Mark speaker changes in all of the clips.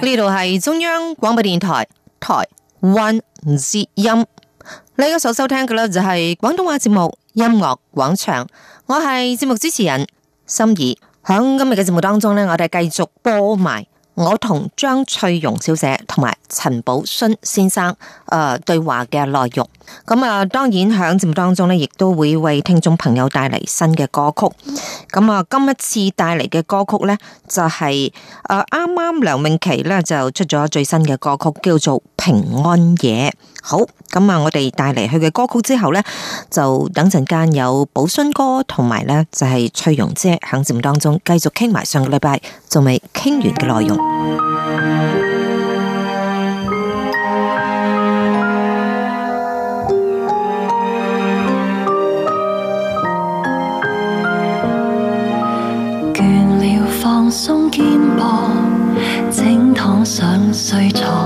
Speaker 1: 呢度係中央廣播電台台灣之音，你而家所收聽嘅咧就係廣東話節目《音樂廣場》，我係節目主持人心儀。喺今日嘅節目當中咧，我哋繼續播埋。我同張翠容小姐同埋陳寶勳先生誒、呃、對話嘅內容，咁、呃、啊，當然響節目當中咧，亦都會為聽眾朋友帶嚟新嘅歌曲。咁、呃、啊，今一次帶嚟嘅歌曲咧，就係、是、誒，啱、呃、啱梁詠琪咧就出咗最新嘅歌曲，叫做《平安夜》。好，咁啊，我哋帶嚟佢嘅歌曲之後呢，就等陣間有寶勳哥同埋呢，就係翠容姐喺節目當中繼續傾埋上個禮拜仲未傾完嘅內容。
Speaker 2: 倦了，放鬆肩膊，請躺上睡床。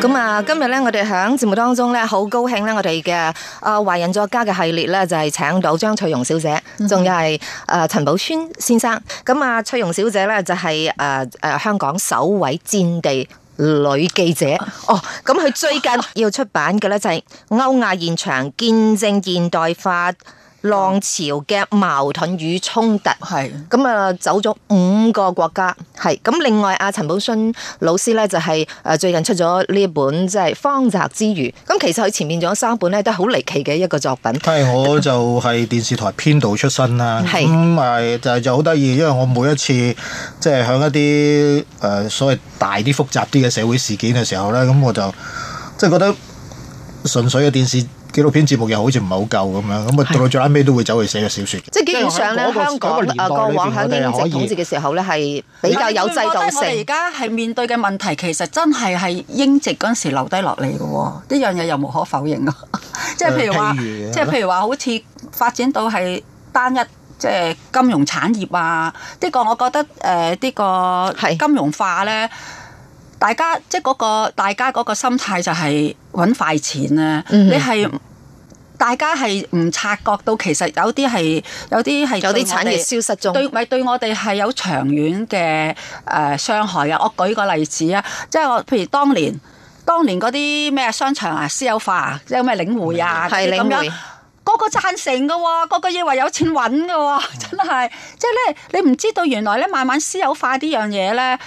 Speaker 1: 咁啊，今日咧，我哋喺節目當中咧，好高興咧，我哋嘅啊華人作家嘅系列咧，就係請到張翠容小姐，仲、嗯、哼有係誒陳寶川先生。咁啊，翠容小姐咧就係誒誒香港首位戰地女記者。啊、哦，咁佢最近要出版嘅咧就係《歐亞現場見證現代化》。浪潮嘅矛盾與衝突，係咁啊，走咗五個國家，係咁。另外，阿陳寶信老師咧就係誒，最近出咗呢一本即係、就是《方澤之魚》。咁其實佢前面仲有三本咧都係好離奇嘅一個作品。
Speaker 3: 係，我就係電視台編導出身啦。係咁的，係、嗯、就係就好得意，因為我每一次即係響一啲誒、呃、所謂大啲、複雜啲嘅社會事件嘅時候咧，咁我就即係、就是、覺得純粹嘅電視。紀錄片節目又好似唔係好夠咁樣，咁啊到到最後尾都會走去寫個小説。即係
Speaker 4: 基本上咧，香港誒過往喺英殖統治嘅時候咧，係比較有制度性。我我哋而家係面對嘅問題，其實真係係英殖嗰陣時留低落嚟嘅喎，呢樣嘢又無可否認咯。 即係譬如話，即係、呃、譬如話，如的好似發展到係單一，即係金融產業啊。呢、這個我覺得誒，呢、呃這個金融化咧，大家即係嗰個大家嗰個心態就係搵快錢啊！嗯、你係。大家係唔察覺到其實有啲係有啲係，有啲產業消失咗，對咪對我哋係有長遠嘅誒傷害啊！我舉個例子啊，即係我譬如當年當年嗰啲咩商場啊私有化啊，即係咩領匯啊，係咁樣個個贊成嘅喎，個個以為有錢揾嘅喎，真係即係咧你唔知道原來咧慢慢私有化呢樣嘢咧。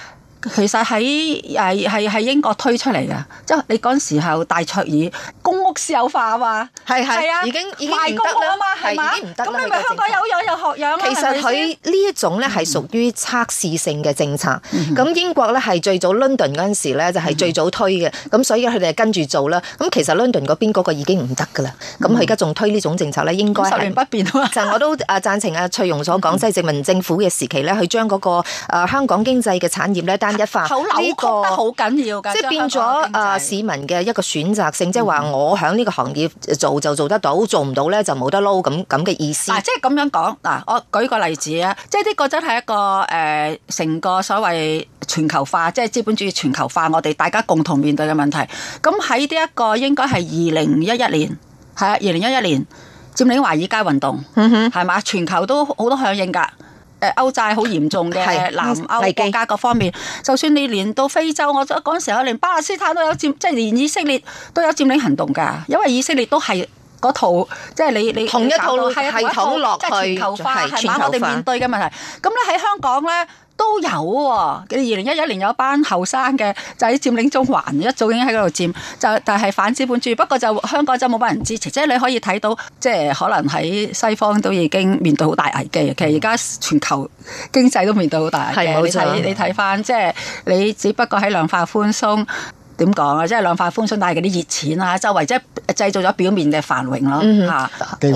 Speaker 4: 其實喺係係係英國推出嚟嘅，即你嗰陣時候戴卓爾公屋私有化啊嘛，係係啊，已經已經唔得啦，係嘛？咁你咪香港有樣又學樣。其實佢
Speaker 1: 呢一種咧係屬於測試性嘅政策，咁英國咧係最早 London 嗰時咧就係最早推嘅，咁所以佢哋係跟住做啦。咁其實 London 嗰邊嗰個已經唔得噶啦，咁佢而家仲推呢種政策咧，應該十年不變。其實我都誒贊成阿翠容所講，即係殖民政府嘅時期咧，佢將嗰個香港經濟嘅產業咧。好扭
Speaker 4: 曲得好緊要，即係變咗
Speaker 1: 誒市民嘅一個選擇性，即係話我喺呢個行業做就做得到，做唔到咧就冇得撈咁咁嘅意思。
Speaker 4: 即係咁樣講，嗱、啊，我舉個例子啊，即係呢個真係一個誒成、呃、個所謂全球化，即係資本主義全球化，我哋大家共同面對嘅問題。咁喺呢一個應該係二零一一年，係啊，二零一一年佔領華爾街運動，係嘛、嗯哼，全球都好多響應噶。誒歐債好嚴重嘅南歐國家各方面，就算你連到非洲，我講嗰陣時我連巴勒斯坦都有佔，即係連以色列都有佔領行動㗎。因為以色列都係嗰套，即係你你同一套路系統落去，全球化係我哋面對嘅問題。咁咧喺香港咧。都有喎、哦，二零一一年有一班後生嘅就喺佔領中環，一早已經喺嗰度佔，就但係反資本主義。不過就香港就冇乜人支持，即係你可以睇到，即係可能喺西方都已經面對好大危機。其實而家全球經濟都面對好大危機，你睇你睇翻，即係你只不過喺量化寬鬆。點講啊？即係兩塊風信帶嗰啲熱錢啊！周圍即係製造咗表面嘅繁榮咯。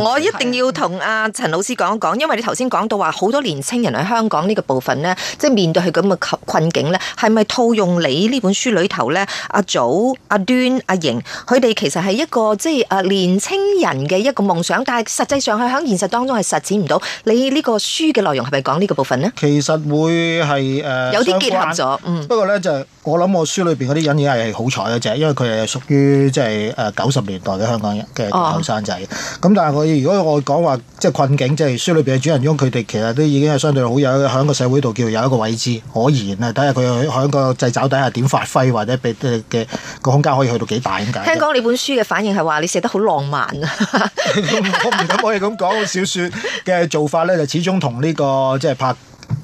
Speaker 4: 我一定要同阿陳老師講一講，因為你頭先講到
Speaker 1: 話好多年青人喺香港呢個部分呢，即係面對佢咁嘅困境呢，係咪套用你呢本書裏頭呢？阿、啊、祖、阿、啊、端、阿瑩佢哋其實係一個即係誒年青人嘅一個夢想，但係實際上佢喺現實當中係實踐唔到。你呢個書
Speaker 3: 嘅內容係咪講呢個部分呢？其實會係誒、呃、有啲結合咗，嗯、不過呢，就係我諗，我，我書裏邊嗰啲人已經係。好彩嘅啫，因為佢係屬於即係誒九十年代嘅香港人嘅後生仔。咁、哦、但係我如果我講話即係困境，即、就、係、是、書裏邊嘅主人翁，佢哋其實都已經係相對好有喺個社會度叫有一個位置可言啊！睇下佢喺個掣肘底下點發揮，或者俾嘅個空間可以去到幾大咁解。就是、聽
Speaker 1: 講你本書嘅反應係話你寫得好浪漫啊！
Speaker 3: 我唔敢可以咁講，小説嘅做法咧就始終同呢、這個即係、就是、拍。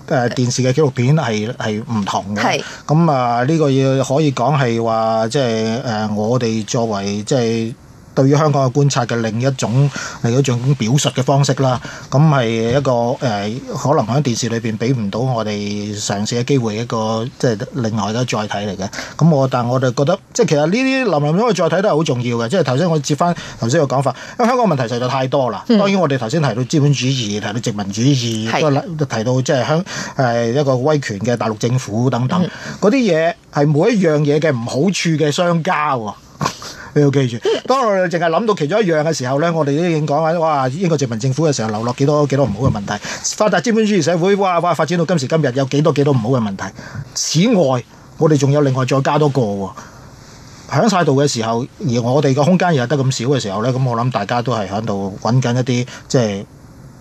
Speaker 3: 誒電視嘅紀錄片係係唔同嘅，咁是啊呢個要可以講係話，即係誒，我哋作為即係。就是對於香港嘅觀察嘅另一種，另一種表述嘅方式啦，咁係一個誒、呃，可能喺電視裏邊俾唔到我哋嘗試嘅機會，一個即係另外嘅載體嚟嘅。咁我但係我哋覺得，即係其實呢啲林林總總嘅載體都係好重要嘅。即係頭先我接返頭先嘅講法，因為香港問題實在太多啦。當然我哋頭先提到資本主義，提到殖民主義，是的 提到即係香係一個威權嘅大陸政府等等，嗰啲嘢係每一樣嘢嘅唔好處嘅相交。要記住，當我哋淨係諗到其中一樣嘅時候呢，我哋都已經講緊哇，英國殖民政府嘅時候流落幾多幾多唔好嘅問題，發達資本主義社會哇哇發展到今時今日有幾多幾多唔好嘅問題。此外，我哋仲有另外再加多個喎，響晒、呃、度嘅時候，而我哋個空間又得咁少嘅時候呢，咁、嗯、我諗大家都係響度揾緊一啲即係。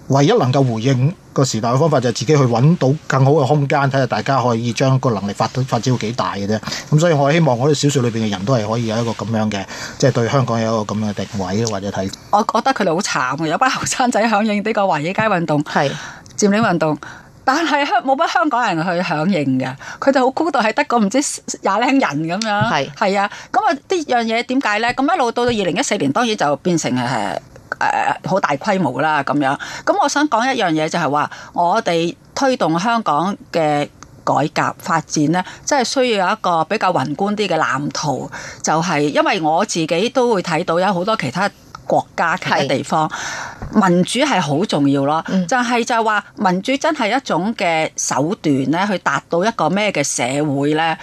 Speaker 3: 唯一能夠回應個時代嘅方法，就係自己去揾到更好嘅空間，睇下大家可以將個能力發發展到幾大嘅啫。咁、嗯、所以我希望我哋小説裏邊嘅人都係可以有一個咁樣嘅，即係對香港有一個咁樣嘅定位或者睇。
Speaker 4: 我覺得佢哋好慘，有班後生仔響應呢個華爾街運動、是佔領運動，但係香冇班香港人去響應嘅。佢哋好孤獨，係得個唔知廿零人咁樣。係係是啊，咁啊呢樣嘢點解呢？咁一路到到二零一四年，當然就變成係。誒好、uh，大規模啦，咁樣咁，我想講一樣嘢就係話，我哋推動香港嘅改革發展呢真係需要有一個比較宏觀啲嘅藍圖，就係、是、因為我自己都會睇到有好多其他國家、其他地方是民主係好重要咯，嗯、就係就係話民主真係一種嘅手段咧，去達到一個咩嘅社會呢？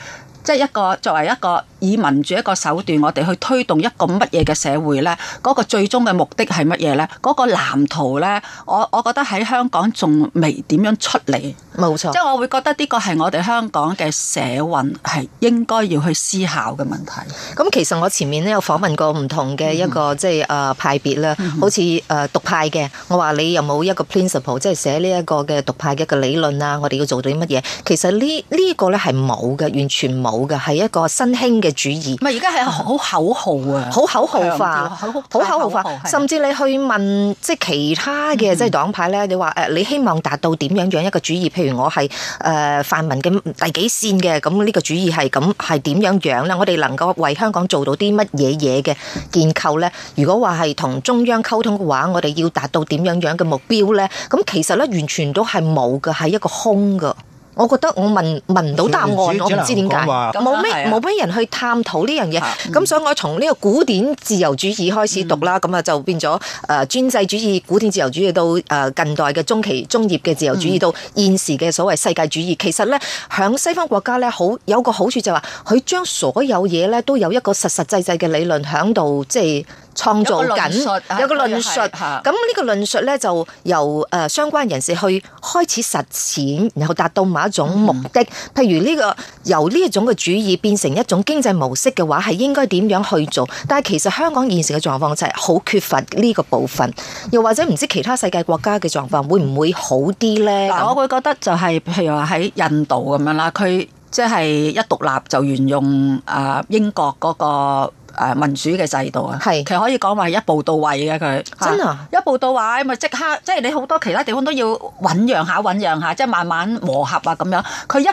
Speaker 4: 即、就、係、是、一個作為一個。以民主一個手段，我哋去推動一個乜嘢嘅社會咧？嗰個最終嘅目的係乜嘢咧？嗰個藍圖咧，我我覺得喺香港仲未點樣出嚟。冇錯，即係我會覺得呢個係我哋香港嘅社運係應該要去思考嘅問題，咁、嗯、其實我前面都有訪問過唔同嘅一個即係
Speaker 1: 誒派別啦，嗯、好似誒獨派嘅，我話你有冇一個 principle，即係寫呢一個嘅獨派嘅一個理論啊？我哋要做到啲乜嘢？其實呢呢、呢個咧係冇嘅，完全冇嘅，係一個新興嘅。主義唔係而家係好口號啊，好、嗯、口號化，好口，口號化，甚至你去問即係其他嘅、嗯、即係黨派咧，你話誒你希望達到點樣樣一個主義？譬如我係誒、呃、泛民嘅第幾線嘅，咁呢個主義係咁係點樣樣咧？我哋能夠為香港做到啲乜嘢嘢嘅建構咧？如果話係同中央溝通嘅話，我哋要達到點樣樣嘅目標咧？咁其實咧完全都係冇嘅，係一個空嘅。我覺得我問問唔到答案，我唔知點解，冇咩冇咩人去探討呢樣嘢，咁、啊嗯、所以我從呢個古典自由主義開始讀啦，咁啊、嗯、就變咗誒專制主義、古典自由主義到誒近代嘅中期、中葉嘅自由主義到現時嘅所謂世界主義。嗯、其實咧，響西方國家咧，好有個好處就係、是、話，佢將所有嘢咧都有一個實實際際嘅理論響度，即係。創造緊有個論述，咁呢個論述呢，就由誒相關人士去開始實踐，然後達到某一種目的。嗯、譬如呢、呢個由呢一種嘅主義變成一種經濟模式嘅話，係應該點樣去做？但係其實香港現時嘅狀況就係好缺乏呢個部分，又或者唔知其他世界國家嘅狀況會唔會好啲呢？
Speaker 4: 嗯、我會覺得就係、係、譬如話喺印度咁樣啦，佢即係一獨立就沿用誒英國嗰、嗰個。誒民主嘅制度啊，是其實可以講話係一步到位嘅佢，真啊，一步到位咪即刻，即、就、係、是、你好多其他地方都要醞釀下醞釀下，即係、就是、慢慢磨合啊咁樣。佢一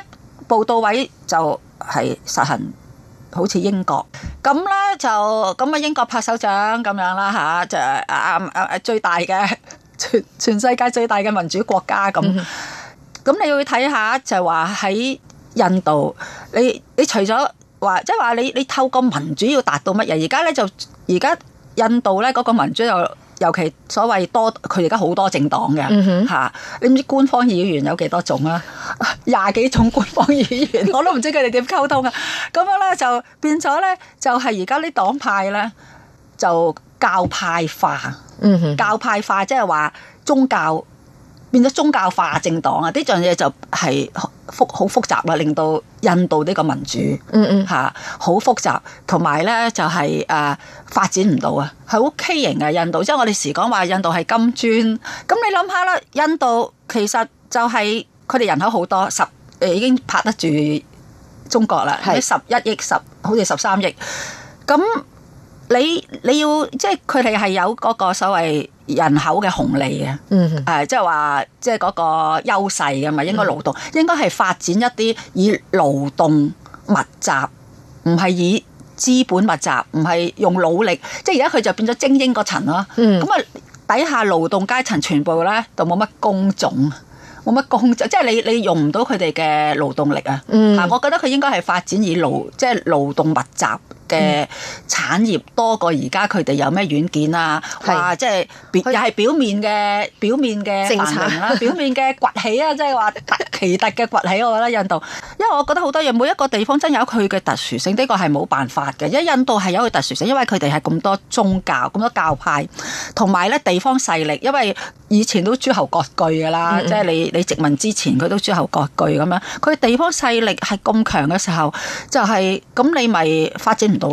Speaker 4: 步到位就係實行好似英國咁咧，就咁啊英國拍手掌咁樣啦吓，就啊啊最大嘅全全世界最大嘅民主國家咁。咁、嗯、哼你會睇下就係話喺印度，你你，你除咗？話即係話你你透過民主要達到乜嘢？而家咧就而家印度咧嗰個民主又尤其所謂多，佢而家好多政黨嘅吓，你唔知官方議員有幾多種啊？廿幾種官方議員，我都唔知佢哋點溝通啊！咁樣咧就變咗咧，就係而家啲黨派咧就教派化，嗯、哼教派化即係話宗教。變咗宗教化政黨啊！呢樣嘢就係複好複雜啊，令到印度呢個民主，嗯嗯嚇好複雜，同埋咧就係、是、誒、啊、發展唔到啊，係好畸形啊，印度。即、就、係、是、我哋時講話印度係金磚，咁你諗下啦，印度其實就係佢哋人口好多，十誒已經拍得住中國啦，十一億十，好似十三億，咁。你你要即係佢哋係有嗰個所謂人口嘅紅利嘅，嗯、mm，誒、hmm.，即係話即係嗰個優勢嘅嘛，應該勞動、mm hmm. 應該係發展一啲以勞動密集，唔係以資本密集，唔係用努力。即係而家佢就變咗精英嗰層咯，咁啊底下勞動階層全部咧就冇乜工種，冇乜工，即、就、係、是、你你用唔到佢哋嘅勞動力啊。但、mm hmm. 我覺得佢應該係發展以勞即係勞動密集。嘅、嗯、產業多過而家佢哋有咩軟件啊？話是、啊、即係又係表面嘅表面嘅文明啦，表面嘅、啊、正常 崛起啊！即係話奇特嘅崛起，我覺得印度，因為我覺得好多嘢每一個地方真有佢嘅特殊性，呢、這個係冇辦法嘅。因為印度係有佢特殊性，因為佢哋係咁多宗教、咁多教派，同埋咧地方勢力。因為以前都諸侯割據噶啦，即係、嗯嗯、你你殖民之前佢都諸侯割據咁樣。佢地方勢力係咁強嘅時候，就係、是、咁、就是、你咪發展到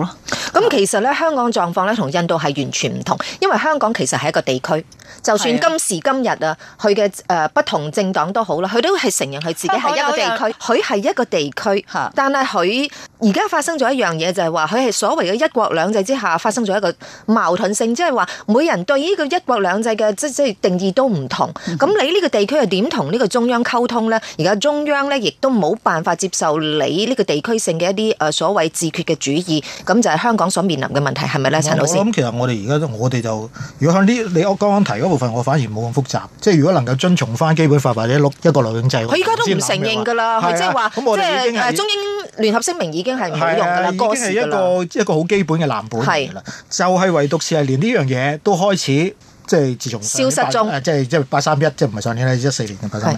Speaker 4: 咁其實咧，香港狀況咧同印度係完全唔同，
Speaker 1: 因為香港其實係一個地區。就算今時今日啊，佢嘅誒不同政黨都好啦，佢都係承認佢自己係一個地區，佢係一個地區。嚇是！但係佢而家發生咗一樣嘢，就係話佢係所謂嘅一國兩制之下發生咗一個矛盾性，即係話每人對呢個一國兩制嘅即即係定義都唔同。咁、嗯、你呢個地區又點同呢個中央溝通呢？而家中央咧亦都冇辦法接受你呢個地區性嘅一啲誒所謂自決嘅主意。咁就係香港所面臨嘅問題係咪咧，陳老師？我諗
Speaker 3: 其實我哋而家我哋就，如果向呢你我剛剛提嗰部分，我反而冇咁複雜。即係如果能夠遵從翻基本法或者六一個流永制，佢依家都唔承認㗎啦。係即係話，的即係中
Speaker 1: 英聯合聲明已經係唔用㗎啦，過時㗎啦。是一個即
Speaker 3: 係一個好基本嘅藍本的就係唯獨是係連呢樣嘢都開始即係自從 8, 消失中，即係即係八三一，即係唔係上年係一四年嘅八三一。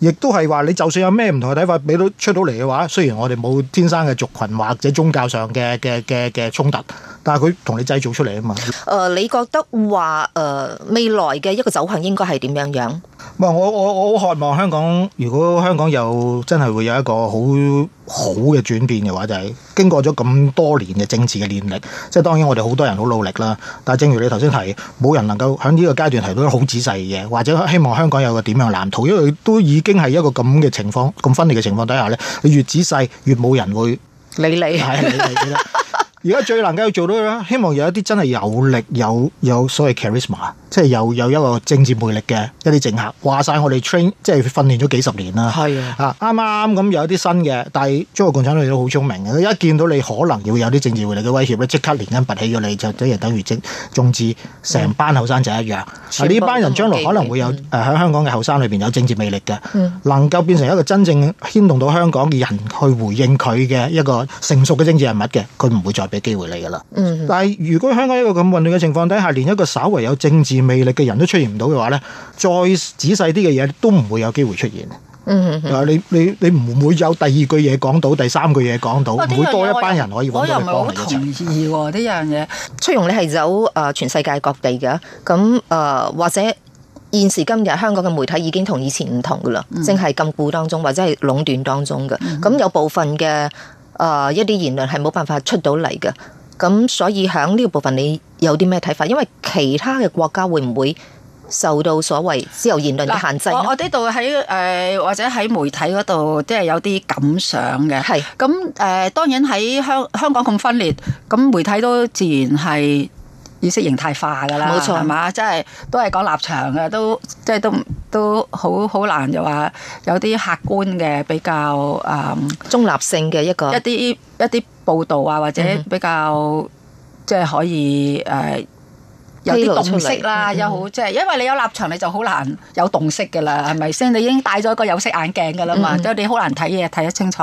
Speaker 3: 亦都係話你就算有咩唔同嘅睇法俾到出到嚟嘅話，雖然我哋冇天生嘅族群或者宗教上嘅嘅嘅嘅衝突，但係佢同你製造出嚟啊嘛。誒、
Speaker 1: 呃，你覺得話誒、呃、未來嘅一個走向應該係點樣樣？
Speaker 3: 唔我我我好渴望香港，如果香港有真係會有一個好好嘅轉變嘅話，就係、是、經過咗咁多年嘅政治嘅歷練，即係當然我哋好多人好努力啦。但係正如你頭先提，冇人能夠喺呢個階段提到好仔細嘅嘢，或者希望香港有個點樣嘅藍圖。因為都已經係一個咁嘅情況，咁分裂嘅情況底下呢，你越仔細越冇人會理你,你。 而家最能夠做到啦，希望有一啲真係有力、有有所謂 charisma，即係有有一個政治魅力嘅一啲政客，話晒我哋 train，即係訓練咗幾十年啦。係啊的，啱啱咁有一啲新嘅，但係中國共產黨都好聰明嘅，一見到你可能要有啲政治魅力嘅威脅咧，即刻連根拔起咗你，就等於等於即係縱成班後生仔一樣。呢班、嗯、人將來可能會有誒喺、嗯、香港嘅後生裏邊有政治魅力嘅，嗯、能夠變成一個真正牽動到香港嘅人去回應佢嘅一個成熟嘅政治人物嘅，佢唔會再俾。機會嚟噶啦， 嗯、但係如果香港一個咁混亂嘅情況底下，連一個稍微有政治魅力嘅人都出現唔到嘅話咧，再仔細啲嘅嘢都唔會有機會出現。
Speaker 2: 啊、嗯，
Speaker 3: 你你你唔會有第二句嘢講到，第三句嘢講到，唔、呃、會多一班人可以揾到你幫你。我
Speaker 2: 唔係同
Speaker 1: 意喎，啲嘢。崔融，你係走誒全世界各地嘅，咁、嗯、誒、呃、或者現時今日香港嘅媒體已經同以前唔同噶啦，嗯、正係禁錮當中或者係壟斷當中嘅，咁有部分嘅。嗯嗯誒、uh, 一啲言論係冇辦法出到嚟嘅，咁所以喺呢個部分你有啲咩睇法？因為其他嘅國家會唔會受到所謂自由言論嘅限制呢？我
Speaker 4: 我呢度喺誒或者喺媒體嗰度即係有啲感想嘅。係咁誒，當然喺香香港咁分裂，咁媒體都自然係。意識形態化噶啦，係嘛錯？即係都係講立場嘅，都即係都都好好難就話有啲客觀嘅比較誒、嗯、中立性嘅一個一啲一啲報導啊，或者比較、嗯、哼即係可以誒、呃、有啲洞悉啦，又好即係因為你有立場，你就好難有洞悉噶啦，係咪先？你已經戴咗個有色眼鏡噶啦嘛，即、嗯、哼所以你好難睇嘢睇得清楚。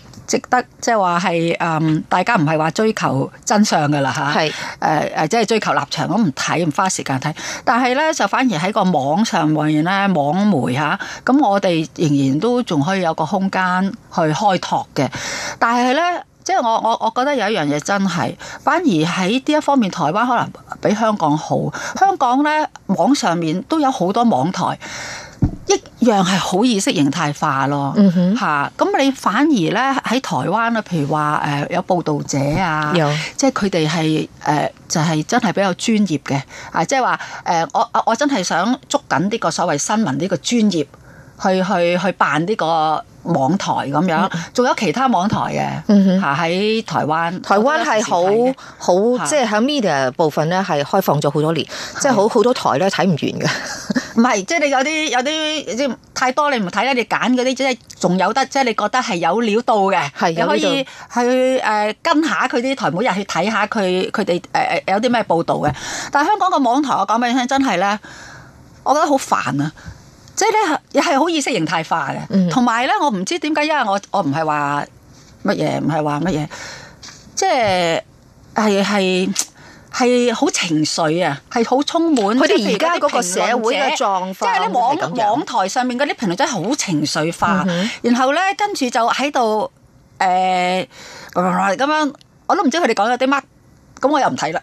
Speaker 4: 值得即係話係誒，大家唔係話追求真相嘅啦吓，係誒誒，即係追求立場，我唔睇，唔花時間睇。但係咧就反而喺個網上面咧，網媒吓，咁、啊、我哋仍然都仲可以有個空間去開拓嘅。但係咧，即係我我我覺得有一樣嘢真係，反而喺呢一方面，台灣可能比香港好。香港咧網上面都有好多網台。一樣係好意識形態化咯，嚇、嗯哼！咁你反而咧喺台灣咧，譬如話誒有報導者啊，嗯、即係佢哋係誒就係、係、真係比較專業嘅啊，即係話誒我我我真係想捉緊呢個所謂新聞呢個專業去去去辦呢、呢個。網台咁樣，仲有其他網台嘅，下喺台灣。台灣係好好，好是即係喺 media 部分咧，係開
Speaker 1: 放咗好多年，是即係好好多台咧睇唔完嘅。
Speaker 4: 唔 係，即係你有啲有啲即係太多你，你唔睇咧，你揀嗰啲即係仲有得，即係你覺得係有料到嘅，是你可以去誒、呃、跟下佢啲台媒入去睇下佢佢哋誒誒有啲咩報道嘅。但係香港個網台，我講俾你聽，真係咧，我覺得好煩啊！即係咧，係好意識形態化嘅。同埋咧，我唔知點解，因為我我唔係話乜嘢，唔係話乜嘢，即係係係係好情緒啊，係好充滿。佢哋而家嗰個社會嘅狀況，即係啲網網台上面嗰啲評論真係好情緒化，嗯、哼然後咧跟住就喺度誒咁樣，我都唔知佢哋講咗啲乜，咁我又唔睇啦。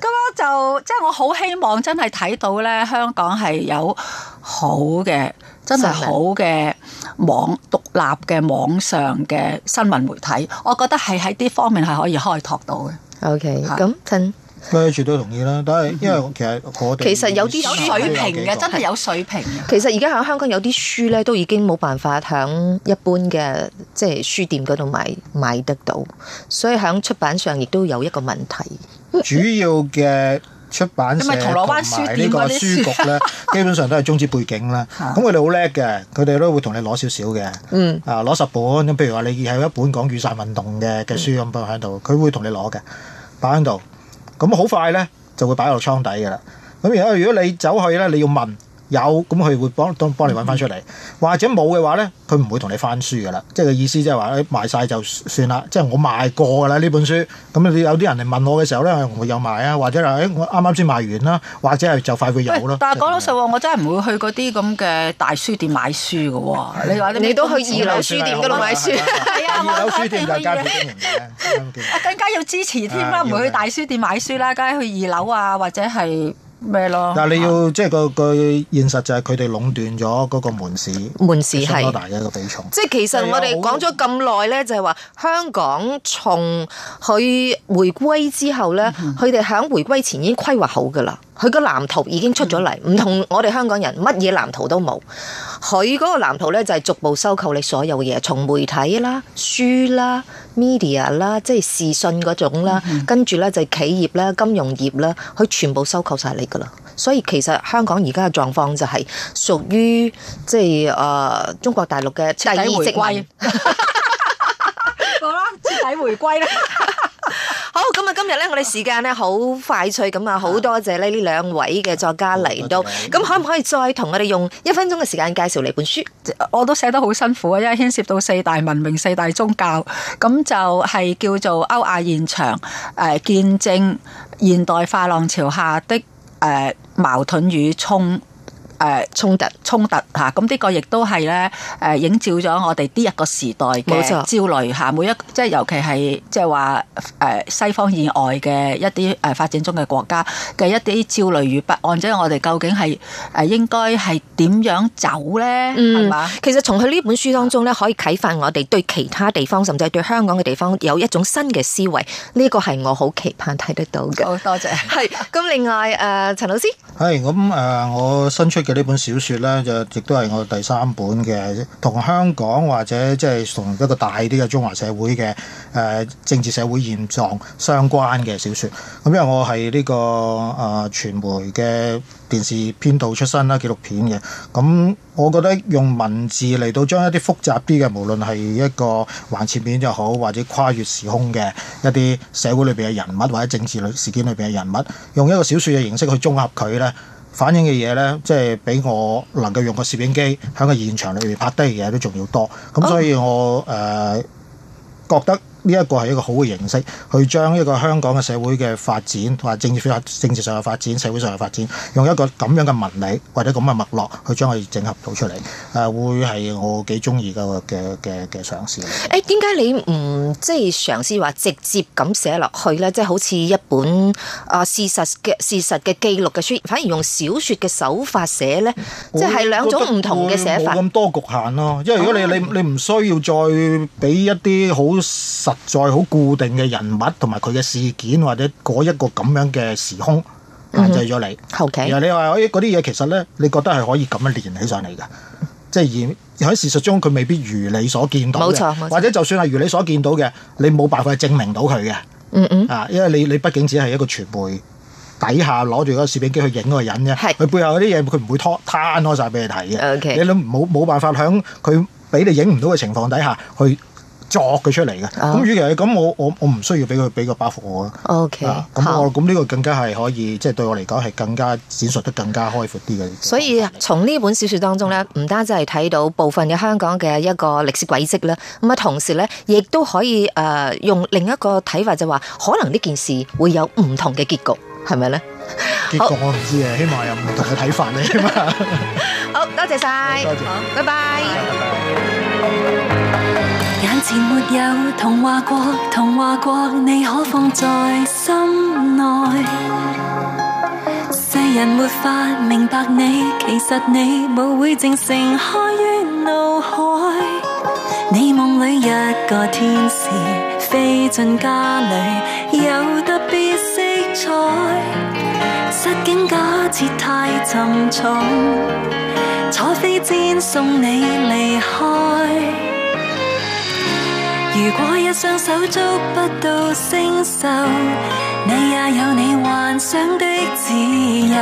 Speaker 4: 咁我就即係，就是，我好希望真係睇到咧，香港係有好嘅，真係好嘅網獨立嘅網上嘅新聞媒體，我覺得係喺啲方面係可以開拓到
Speaker 3: 嘅。OK，咁跟住都同意啦，但係因為其實我、
Speaker 4: 嗯、其實有啲水平嘅，真係有水平嘅。其
Speaker 1: 實而家喺香港有啲書咧，都已經冇辦法響一般嘅即係書店嗰度買買得到，所以喺出版上亦都有一個問題。
Speaker 3: 主要嘅出版社同埋呢個書局咧，基本上都係中資背景啦。咁佢哋好叻嘅，佢哋都會同你攞少少嘅。嗯，啊攞十本咁，譬如話你係有一本講雨傘運動嘅嘅書，咁擺喺度，佢、嗯、會同你攞嘅，擺喺度。咁好快咧就會擺落倉底嘅啦。咁而家如果你走去咧，你要問。有咁佢會幫幫你揾翻出嚟，或者冇嘅話咧，佢唔會同你翻書噶啦，即係意思即係話誒賣曬就算啦，即係我賣過噶啦呢本書，咁有啲人嚟問我嘅時候咧，我有賣啊，或者係我啱啱先賣完啦，或者係就快會有咯。但係講老實話，我真係唔會去嗰啲咁嘅
Speaker 4: 大書店買
Speaker 3: 書噶喎，你話你都去二樓書店噶咯買書，
Speaker 4: 係啊，二樓書店更加典型嘅，更加要支持添啦，唔會去大書店買書啦，梗係去二樓啊，或者係。咩咯？嗱，但
Speaker 3: 你要即係、就是、個個現實就係佢哋壟斷咗嗰個門市，門市係多大嘅一個比重。即
Speaker 4: 係其實我哋講咗
Speaker 1: 咁耐咧，就係話香港從佢回歸之後咧，佢哋響回歸前已經規劃好噶啦。佢個藍圖已經出咗嚟，唔同我哋香港人乜嘢藍圖都冇。佢嗰個藍圖呢就係逐步收購你所有嘅嘢，從媒體啦、書啦、media 啦，即係視訊嗰種啦，嗯嗯，跟住呢就係企業啦、金融業啦，佢全部收購晒你噶啦。所以其實香港而家嘅狀況就係屬於即係誒中國大陸嘅徹底回歸。好啦，徹底回歸啦。 咁啊，今日咧，我哋時間咧好快趣，咁啊，好多謝咧呢兩位嘅作家嚟到。咁可唔可以再
Speaker 4: 同我哋用一分鐘嘅時間介紹你本書？我都寫得好辛苦啊，因為牽涉到四大文明、四大宗教，咁就係叫做歐亞現場，誒，見證現代化浪潮下的誒矛盾與衝。誒、呃、衝突衝突嚇，咁、啊這個、呢個亦都係咧誒映照咗我哋呢一個時代嘅焦慮嚇，每一即係尤其係即係話誒西方以外嘅一啲誒發展中嘅國家嘅一啲焦慮與不安，即係我哋究竟係誒應該係點樣走咧？係嘛？其實從佢呢本書當中咧，可以啟發我哋對
Speaker 1: 其他地方，甚至係對香港嘅地方有一種新嘅思維。呢、這個係我好期盼睇得到嘅。好、oh, 多謝。係咁，另外誒，陳、呃、老師
Speaker 3: 係咁誒，我新出。呢本小説咧，就亦都係我第三本嘅，同香港或者即係同一個大啲嘅中華社會嘅誒、呃、政治社會現狀相關嘅小説。咁因為我係呢、呢個啊傳、呃、媒嘅電視編導出身啦，紀錄片嘅。咁、嗯、我覺得用文字嚟到將一啲複雜啲嘅，無論係一個橫切片就好，或者跨越時空嘅一啲社會裏邊嘅人物，或者政治裏事件裏邊嘅人物，用一個小説嘅形式去綜合佢咧。反映嘅嘢咧，即係比我能夠用個攝影機響個現場裏邊拍低嘅嘢都仲要多，咁所以我誒、oh. 呃、覺得。呢一個係一個好嘅形式，去將一個香港嘅社會嘅發展同埋政治上政治上嘅發展、社會上嘅發展，用一個咁樣嘅文理或者咁嘅脈絡去將佢整合到出嚟，誒、呃、會係我幾中意嘅嘅嘅嘅嘗試。
Speaker 1: 誒點解你唔即係嘗試話直接咁寫落去呢？即、就、係、是、好似一本啊、呃、事實嘅事實嘅記錄嘅書，反而用小說嘅手法寫呢？
Speaker 3: 即係兩種唔同嘅寫法。冇咁多局限咯、啊，因為如果你、哎、你你唔需要再俾一啲好。實在好固定嘅人物，同埋佢嘅事件，或者嗰一個咁樣嘅時空
Speaker 4: 限制咗
Speaker 3: 你。Okay. 然後你話嗰啲嘢，其實咧，你覺得係可以咁樣連起上嚟嘅，即係而喺事實中佢未必如你所見到嘅。冇錯冇錯，或者就算係如你所見到嘅，你冇辦法證明到佢嘅。
Speaker 2: 嗯啊、嗯，
Speaker 3: 因為你你畢竟只係一個傳媒底下攞住個攝影機去影個人啫。佢是背後嗰啲嘢，佢唔會拖攤開晒俾你睇嘅。Okay. 你諗冇冇辦法響佢俾你影唔到嘅情況底下，去 Okay.？作佢出嚟嘅，咁與、oh. 其咁，我我我唔需要俾佢俾個包袱我、okay. 啊，咁我咁呢個更加係可以，即、就、係、是、對我嚟講係更加展述得更加開闊啲嘅、這個。
Speaker 1: 所以從呢本小説當中呢，唔單止係睇到部分嘅香港嘅一個歷史軌跡啦，咁啊同時呢，亦都可以誒、呃、用另一個睇法，就話、是、可能呢件事會有唔同嘅結局，係咪呢？
Speaker 3: 結局我唔知誒，希望有唔同嘅睇法咧。
Speaker 1: 好，多
Speaker 2: 謝晒！拜拜。前沒有童話國，童話國你可放在心內。世人沒法明白你，其實你舞會正盛開於腦海。你夢裡一個天使飛進家裏，有特別色彩。實景假設太沉重，坐飛氈送你離開。如果一雙手捉不到星宿，你也有你幻想的自由。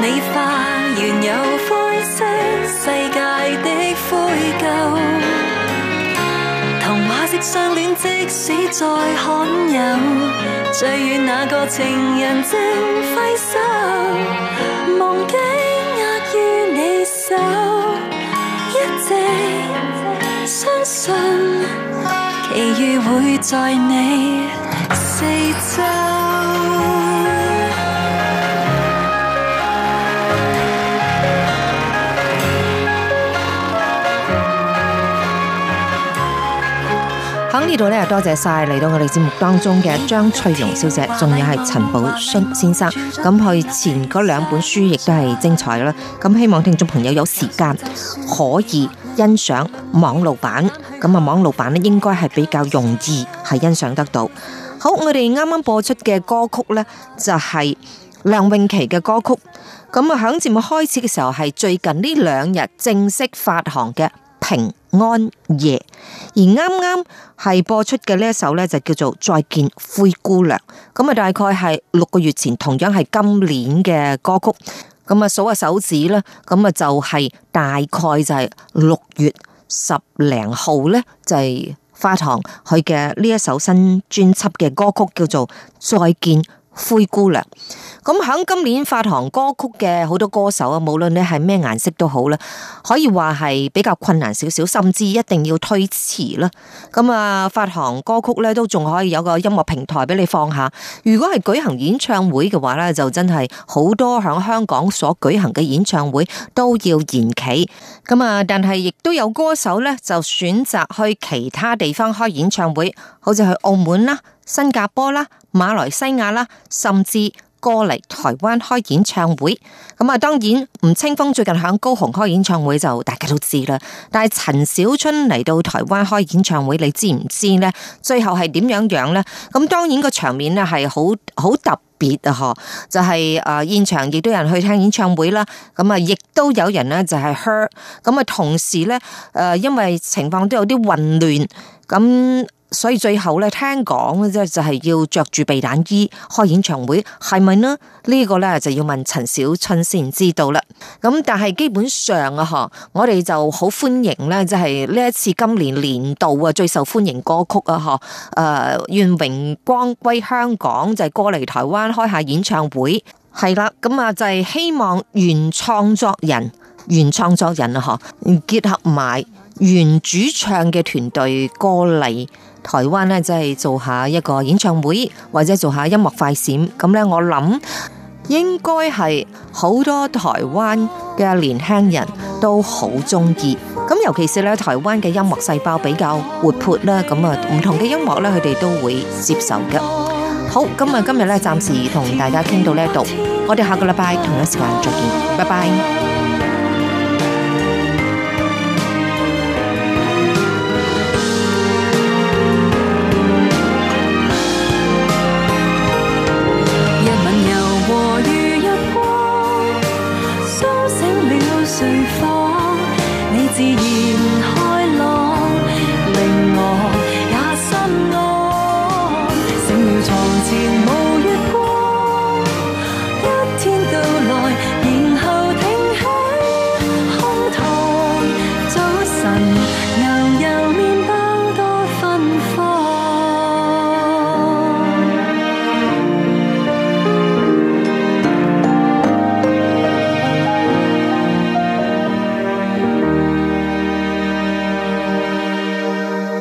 Speaker 2: 你發現有灰色世界的灰垢，童話式相戀即使再罕有，最遠那個情人正揮手，夢境握於你手。
Speaker 1: 在你四周。喺呢度咧，多謝晒嚟到我哋節目當中嘅張翠容小姐，仲有係陳寶勳先生。咁佢前嗰兩本書亦都係精彩啦。咁希望聽眾朋友有時間可以。欣賞網路版，咁啊網路版咧應該係比較容易係欣賞得到。好，我哋啱啱播出嘅歌曲呢，就係梁詠琪嘅歌曲，咁啊響節目開始嘅時候係最近呢兩日正式發行嘅《平安夜》，而啱啱係播出嘅呢一首呢，就叫做《再見灰姑娘》，咁啊大概係六個月前，同樣係今年嘅歌曲。咁啊，數下手指啦，咁啊就係大概就係六月十零號咧，就係、是、花糖佢嘅呢一首新專輯嘅歌曲叫做再見。灰姑娘，咁響今年發行歌曲嘅好多歌手啊，無論你係咩顏色都好啦，可以話係比較困難少少，甚至一定要推遲啦。咁啊，發行歌曲呢都仲可以有個音樂平台俾你放下。如果係舉行演唱會嘅話呢，就真係好多響香港所舉行嘅演唱會都要延期。咁啊，但係亦都有歌手呢，就選擇去其他地方開演唱會，好似去澳門啦。新加坡啦、啊、馬來西亞啦、啊，甚至過嚟台灣開演唱會。咁、嗯、啊，當然吳青峰最近響高雄開演唱會就大家都知啦。但係陳小春嚟到台灣開演唱會，你知唔知呢？最後係點樣樣呢？咁、嗯、當然個場面呢係好好特別啊！嗬，就係、是、誒、呃、現場亦都有人去聽演唱會啦。咁、嗯、啊，亦都有人呢，就係 hurt。咁啊，同時呢，誒、呃，因為情況都有啲混亂咁。嗯所以最後咧，聽講即係要着住避彈衣開演唱會，係咪呢？這個、呢個咧就要問陳小春先知道啦。咁但係基本上啊，嗬，我哋就好歡迎咧，即係呢一次今年年度啊最受歡迎歌曲啊，嗬、呃，誒，願榮光歸香港，就係、是、過嚟台灣開下演唱會，係啦。咁啊，就係希望原創作人、原創作人啊，嗬，結合埋原主唱嘅團隊過嚟。台灣咧，即係做下一個演唱會，或者做下音樂快閃，咁咧我諗應該係好多台灣嘅年輕人都好中意，咁尤其是台灣嘅音樂細胞比較活潑啦，咁唔同嘅音樂咧，佢哋都會接受嘅。好，今日今日咧，暫時同大家傾到呢一度，我哋下個禮拜同一時間再見，拜拜。